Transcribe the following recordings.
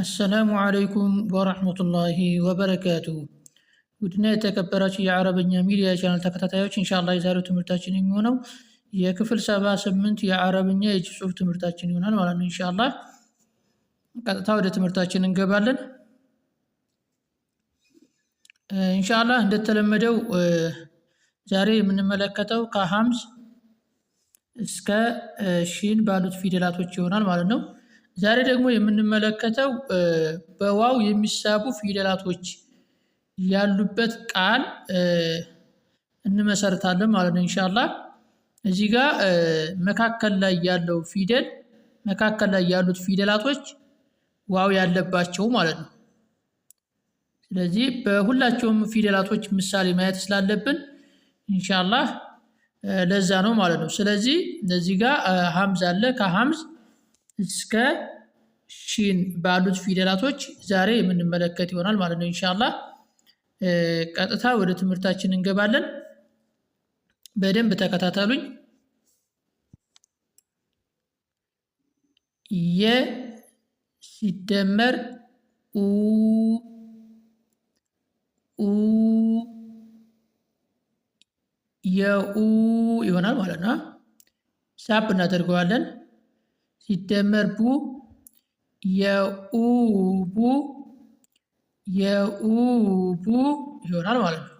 አሰላሙ አለይኩም ወረህመቱላሂ ወበረካቱ። ውድና የተከበራችሁ የአረበኛ ሚዲያ ቻናል ተከታታዮች እንሻላ የዛሬው ትምህርታችን የሚሆነው የክፍል ሰባ ስምንት የአረብኛ የእጅ ጽሑፍ ትምህርታችን ይሆናል ማለት ነው። እንሻላ ቀጥታ ወደ ትምህርታችን እንገባለን። እንሻላ እንደተለመደው ዛሬ የምንመለከተው ከሀምስ እስከ ሺን ባሉት ፊደላቶች ይሆናል ማለት ነው። ዛሬ ደግሞ የምንመለከተው በዋው የሚሳቡ ፊደላቶች ያሉበት ቃል እንመሰርታለን ማለት ነው እንሻላ። እዚህ ጋር መካከል ላይ ያለው ፊደል መካከል ላይ ያሉት ፊደላቶች ዋው ያለባቸው ማለት ነው። ስለዚህ በሁላቸውም ፊደላቶች ምሳሌ ማየት ስላለብን እንሻላ ለዛ ነው ማለት ነው። ስለዚህ እዚህ ጋር ሀምዝ አለ ከሀምዝ እስከ ሺን ባሉት ፊደላቶች ዛሬ የምንመለከት ይሆናል ማለት ነው። እንሻላ ቀጥታ ወደ ትምህርታችን እንገባለን። በደንብ ተከታተሉኝ። የ ሲደመር ኡ ኡ የኡ ይሆናል ማለት ነው። ሳፕ እናደርገዋለን። ሲደመር ቡ የኡቡ የኡቡ ይሆናል ማለት ነው።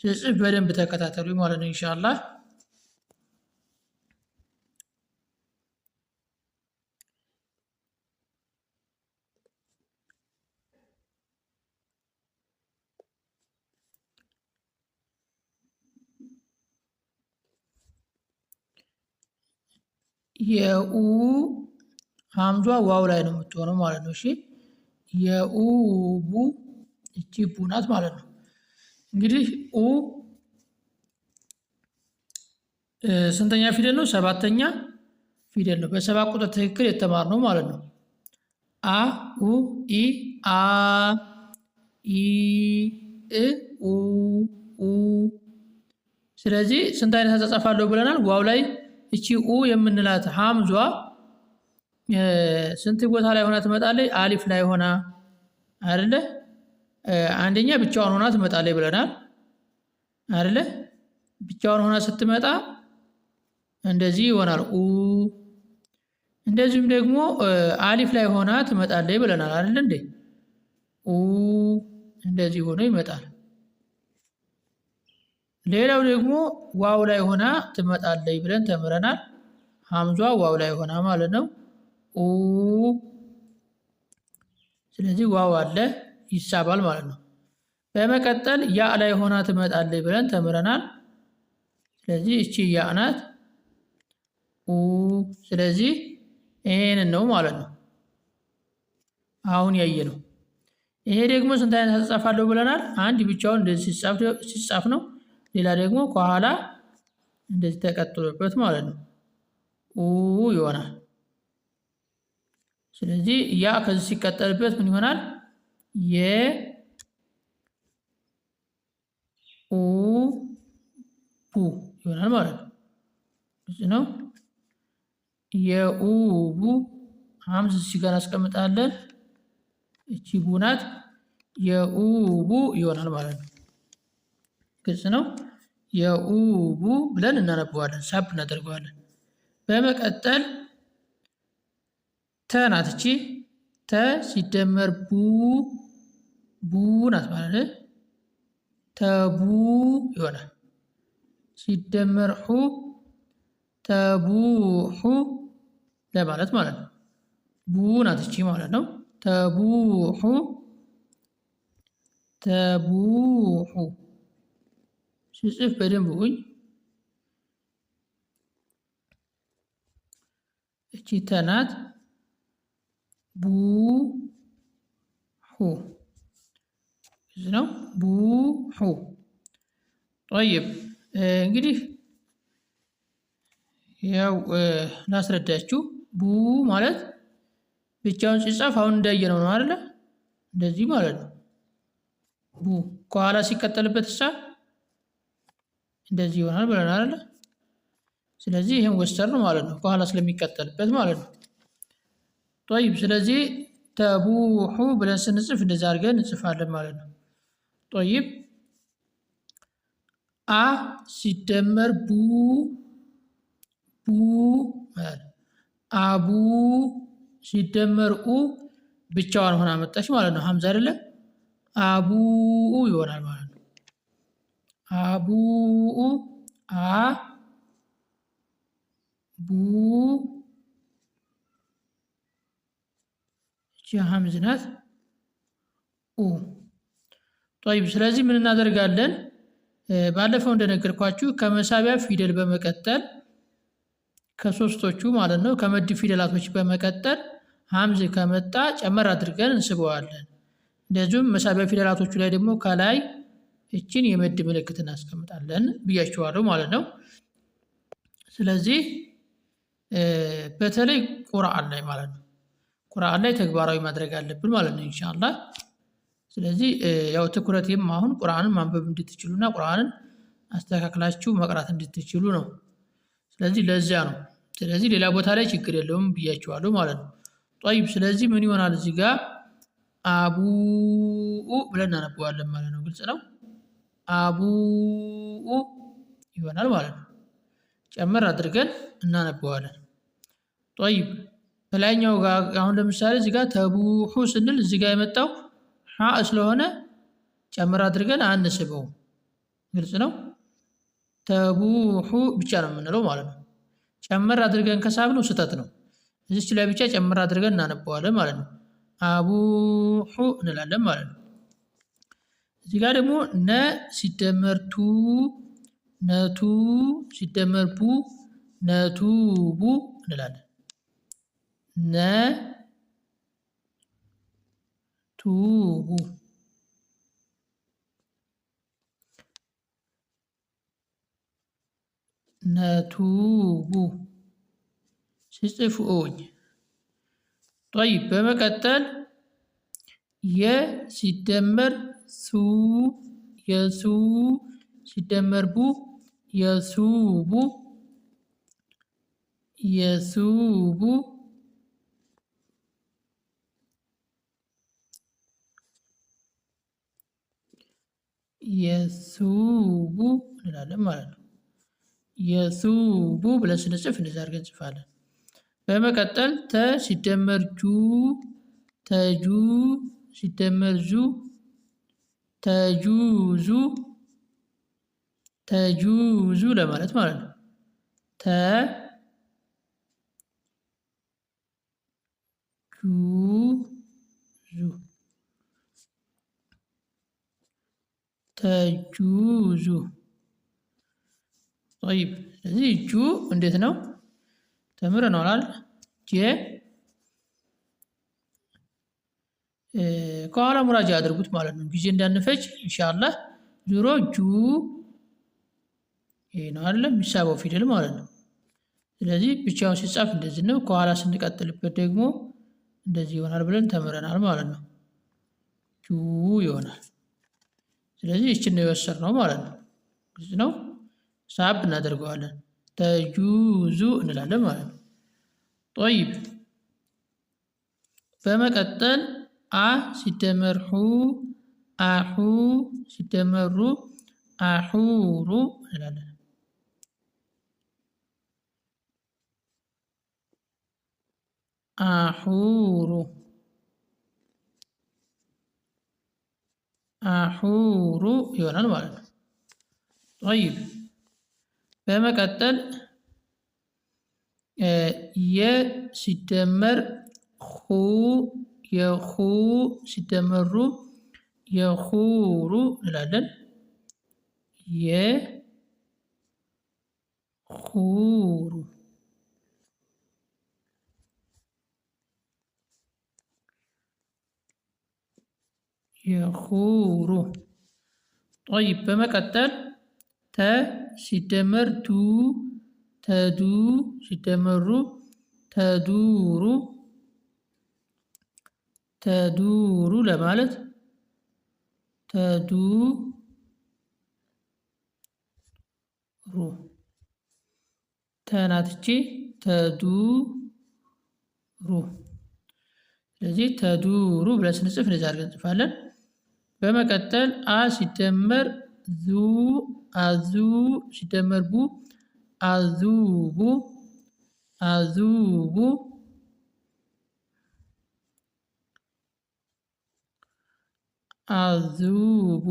ስጽፍ በደንብ ተከታተሉ ማለት ነው እንሻላ። የኡ ሀምዟ ዋው ላይ ነው የምትሆነው ማለት ነው። እሺ የኡ ቡ እቺ ቡ ናት ማለት ነው። እንግዲህ ኡ ስንተኛ ፊደል ነው? ሰባተኛ ፊደል ነው። በሰባት ቁጥር ትክክል የተማር ነው ማለት ነው። አ ኡ ኢ አ ኢ እ ኡ ኡ። ስለዚህ ስንት አይነት አጻጻፍ አለው ብለናል? ዋው ላይ እቺ ኡ የምንላት ሀምዟ ስንት ቦታ ላይ ሆና ትመጣለች? አሊፍ ላይ ሆና አይደለ? አንደኛ ብቻዋን ሆና ትመጣለች ብለናል አይደለ? ብቻዋን ሆና ስትመጣ እንደዚህ ይሆናል ኡ። እንደዚሁም ደግሞ አሊፍ ላይ ሆና ትመጣለች ብለናል አይደለ እንዴ? ኡ እንደዚህ ሆኖ ይመጣል። ሌላው ደግሞ ዋው ላይ ሆና ትመጣለች ብለን ተምረናል። ሀምዟ ዋው ላይ ሆና ማለት ነው። ኡ ስለዚህ ዋው አለ ይሳባል ማለት ነው። በመቀጠል ያ ላይ ሆና ትመጣለች ብለን ተምረናል። ስለዚህ እቺ ያ ናት። ኡ ስለዚህ ይህንን ነው ማለት ነው። አሁን ያየ ነው። ይሄ ደግሞ ስንት አይነት ተጻፋለሁ ብለናል። አንድ ብቻውን እንደዚህ ሲጻፍ ነው። ሌላ ደግሞ ከኋላ እንደዚህ ተቀጥሎበት ማለት ነው ኡ ይሆናል። ስለዚህ ያ ከዚህ ሲቀጠልበት ምን ይሆናል? የ ኡ ቡ ይሆናል ማለት ነው። እዚህ ነው የኡ ቡ ሀምዝ እዚህ ጋር አስቀምጣለን። እቺ ቡ ናት። የኡ ቡ ይሆናል ማለት ነው። ግልጽ ነው። የኡቡ ብለን እናነበዋለን፣ ሳብ እናደርገዋለን። በመቀጠል ተ ናት እቺ ተ ሲደመር ቡ ቡ ናት ማለት ተቡ ይሆናል። ሲደመር ሑ ተቡሑ ለማለት ማለት ነው። ቡ ናት እቺ ማለት ነው። ተቡሑ ተቡሑ ስጽፍ በደንብ ውኝ እቺ ተናት ቡ ሑ እዚ ነው ቡ ሑ ጠይብ እንግዲህ ያው ላስረዳችሁ። ቡ ማለት ብቻውን ሲጻፍ አሁን እንዳየ ነው አይደለ? እንደዚህ ማለት ነው። ቡ ከኋላ ሲቀጠልበት ሳ እንደዚህ ይሆናል ብለን አይደለ? ስለዚህ ይህም ወሰርን ማለት ነው፣ ከኋላ ስለሚቀጠልበት ማለት ነው። ጦይብ ስለዚህ ተቡሑ ብለን ስንጽፍ እንደዛ አድርገን እንጽፋለን ማለት ነው። ጦይብ አ ሲደመር ቡ ቡ አቡ ሲደመር ኡ ብቻዋን ሆና መጣች ማለት ነው። ሀምዛ አይደለ አቡ ይሆናል ማለት ነው። አቡኡ አ ቡ ሀምዝ ናት ኡ ጦይብ። ስለዚህ ምን እናደርጋለን? ባለፈው እንደነገርኳችሁ ከመሳቢያ ፊደል በመቀጠል ከሶስቶቹ ማለት ነው ከመድ ፊደላቶች በመቀጠል ሀምዝ ከመጣ ጨመር አድርገን እንስበዋለን። እንደዚሁም መሳቢያ ፊደላቶቹ ላይ ደግሞ ከላይ እችን የመድ ምልክት እናስቀምጣለን ብያችኋለሁ ማለት ነው። ስለዚህ በተለይ ቁርአን ላይ ማለት ነው ቁርአን ላይ ተግባራዊ ማድረግ አለብን ማለት ነው እንሻላ። ስለዚህ ያው ትኩረቴም አሁን ቁርአንን ማንበብ እንድትችሉ እና ቁርአንን አስተካክላችሁ መቅራት እንድትችሉ ነው። ስለዚህ ለዚያ ነው። ስለዚህ ሌላ ቦታ ላይ ችግር የለውም ብያችኋለሁ ማለት ነው። ጠይብ ስለዚህ ምን ይሆናል እዚህ ጋር አቡኡ ብለን እናነበዋለን ማለት ነው። ግልጽ ነው። አቡኡ ይሆናል ማለት ነው። ጨምር አድርገን እናነበዋለን። ጠይብ በላይኛው ጋር አሁን ለምሳሌ እዚህ ጋር ተቡሑ ስንል እዚህ ጋር የመጣው ሀ ስለሆነ ጨምር አድርገን አንስበው። ግልጽ ነው። ተቡሑ ብቻ ነው የምንለው ማለት ነው። ጨምር አድርገን ከሳብነው ስህተት ነው። እዚች ላይ ብቻ ጨምር አድርገን እናነበዋለን ማለት ነው። አቡሑ እንላለን ማለት ነው። እዚህ ጋር ደግሞ ነ ሲደመር ቱ ነቱ ሲደመር ቡ ነቱ ቡ እንላለን። ነ ቱ ቡ ሲጽፉ ኦኝ ጠይብ በመቀጠል የ ሲደመር ሱ የሱ ሲደመር ቡ የሱቡ የሱቡ የሱቡ እንላለን ማለት ነው። የሱቡ ብለን ስንጽፍ እንደዚህ አድርገን እንጽፋለን። በመቀጠል ተ ሲደመር ጁ ተጁ ሲደመር ዙ ተጁዙ ተጁዙ ለማለት ማለት ነው። ተ ጁዙ ተጁዙ ጠይብ። ስለዚህ ጁ እንዴት ነው ተምረናል። ጄ ከኋላ ሙራጃ አድርጉት ማለት ነው። ጊዜ እንዳንፈጅ እንሻላ ዙሮ ጁ ይሄ ነው አለ የሚሳበው ፊደል ማለት ነው። ስለዚህ ብቻውን ሲጻፍ እንደዚህ ነው። ከኋላ ስንቀጥልበት ደግሞ እንደዚህ ይሆናል ብለን ተምረናል ማለት ነው። ጁ ይሆናል። ስለዚህ ይችን ነው ነው ማለት ነው። ግልጽ ነው። ሳብ እናደርገዋለን። ተጁዙ እንላለን ማለት ነው። ጦይብ በመቀጠል أ ستمر حو أحو ستمر أحور لا لا أحور أحور يونان والد طيب فما كتل آه يا ستمر خو يخو ستة مرة يخور خور يخور يخور طيب فما كتر تا تو تدو ستمر تدور ተዱሩ ለማለት ተዱሩ ተናትቼ ተዱሩ። ስለዚህ ተዱሩ ብለን ስንጽፍ እንደዚህ አድርገን እንጽፋለን። በመቀጠል አ ሲደመር ዙ አዙ ሲደመር ቡ አዙቡ አዙቡ አዙቡ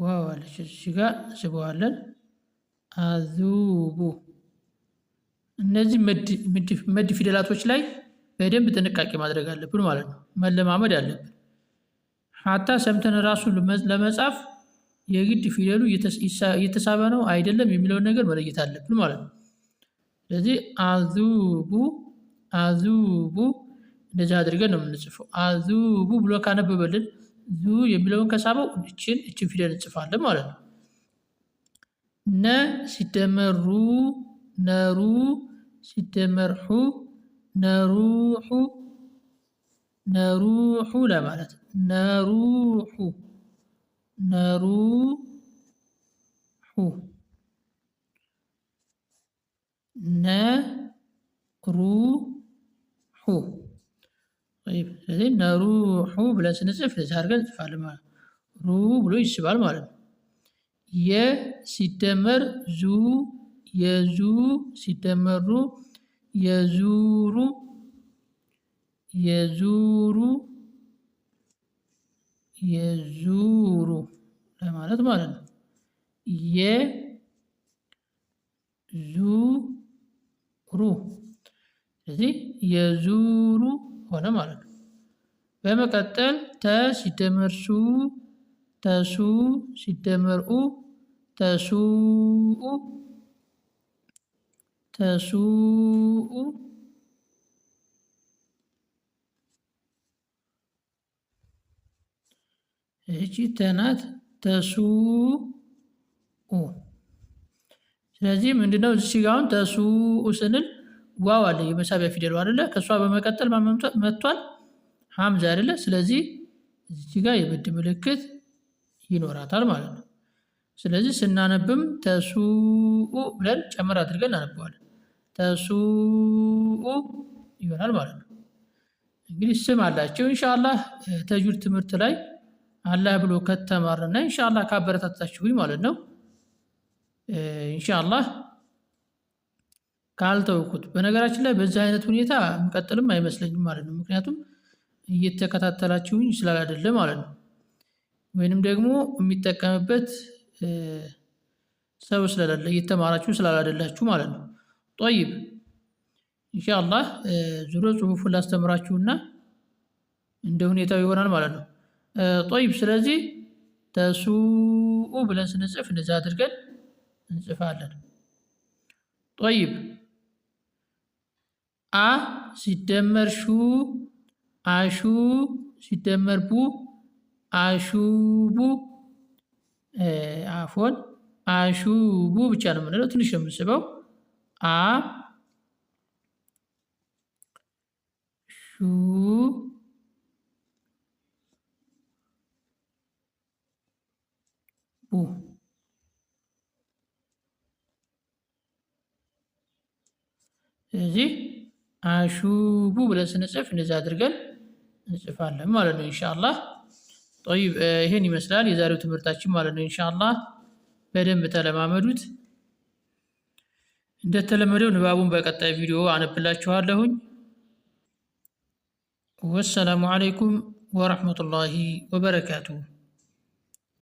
ዋው አለች። እዚህ ጋር ስበዋለን። አዙቡ እነዚህ መድ ፊደላቶች ላይ በደንብ ጥንቃቄ ማድረግ አለብን ማለት ነው። መለማመድ አለብን። ሀታ ሰምተን ራሱን ለመጻፍ የግድ ፊደሉ እየተሳበ ነው አይደለም የሚለውን ነገር መለየት አለብን ማለት ነው። ስለዚህ አዙቡ አዙቡ እንደዚህ አድርገን ነው የምንጽፈው። ቡ ብሎ ካነበበልን ዙ የሚለውን ከሳበው እችን እችን ፊደል እንጽፋለን ማለት ነው። ነ ሲደመሩ ነሩ ሲደመርሑ ነሩሑ ነሩሑ ለማለት ነሩሑ ነሩሑ ነሩሑ ስለዚህ ነሩሑ ብለን ስንጽፍ እንደዚህ አድርገን እንጽፋለን ማለት ሩ ብሎ ይስባል ማለት ነው። የ ሲደመር ዙ የዙ ሲደመሩ የዙሩ የዙሩ የዙሩ ለማለት ማለት ነው። ሩ ስለዚህ የዙሩ ሆነ ማለት ነው። በመቀጠል ተ ሲደመር ሱ ተሱ ሲደመር ኡ ተሱኡ ተሱኡ እቺ ተናት ተሱኡ። ስለዚህ ምንድነው እዚህ ጋር አሁን ተሱኡ ስንል ዋው አለ የመሳቢያ ፊደሉ አደለ። ከእሷ በመቀጠል መጥቷል ሀምዛ አደለ። ስለዚህ እዚህ ጋር የብድ ምልክት ይኖራታል ማለት ነው። ስለዚህ ስናነብም ተሱኡ ብለን ጨምር አድርገን እናነበዋለን። ተሱኡ ይሆናል ማለት ነው። እንግዲህ ስም አላቸው። እንሻላህ ተጁድ ትምህርት ላይ አላህ ብሎ ከተማርና ኢንሻአላህ ካበረታታችሁኝ ማለት ነው ኢንሻአላህ ካልተውኩት በነገራችን ላይ በዚህ አይነት ሁኔታ የምቀጥልም አይመስለኝም ማለት ነው። ምክንያቱም እየተከታተላችሁኝ ስላላደለ ማለት ነው። ወይንም ደግሞ የሚጠቀምበት ሰው ስለሌለ እየተማራችሁ ስላላደላችሁ ማለት ነው። ጦይብ ኢንሻአላህ ዙሮ ጽሁፉን ላስተምራችሁና እንደ ሁኔታው ይሆናል ማለት ነው። ጦይብ ስለዚህ ተሱኡ ብለን ስንጽፍ እንደዛ አድርገን እንጽፋለን። ጦይብ አ ሲደመር ሹ አሹ ሲደመር ቡ አሹቡ አፎን አሹቡ ብቻ ነው የምንለው። ትንሽ ነው የምንስበው። አ ሹ ቡ ስለዚህ አሹቡ ብለን ስንጽፍ እንደዚህ አድርገን እንጽፋለን ማለት ነው። ኢንሻአላህ ጠይብ፣ ይሄን ይመስላል የዛሬው ትምህርታችን ማለት ነው። ኢንሻአላህ በደንብ ተለማመዱት። እንደተለመደው ንባቡን በቀጣይ ቪዲዮ አነብላችኋለሁኝ። ወሰላሙ አለይኩም ወራህመቱላሂ ወበረካቱሁ።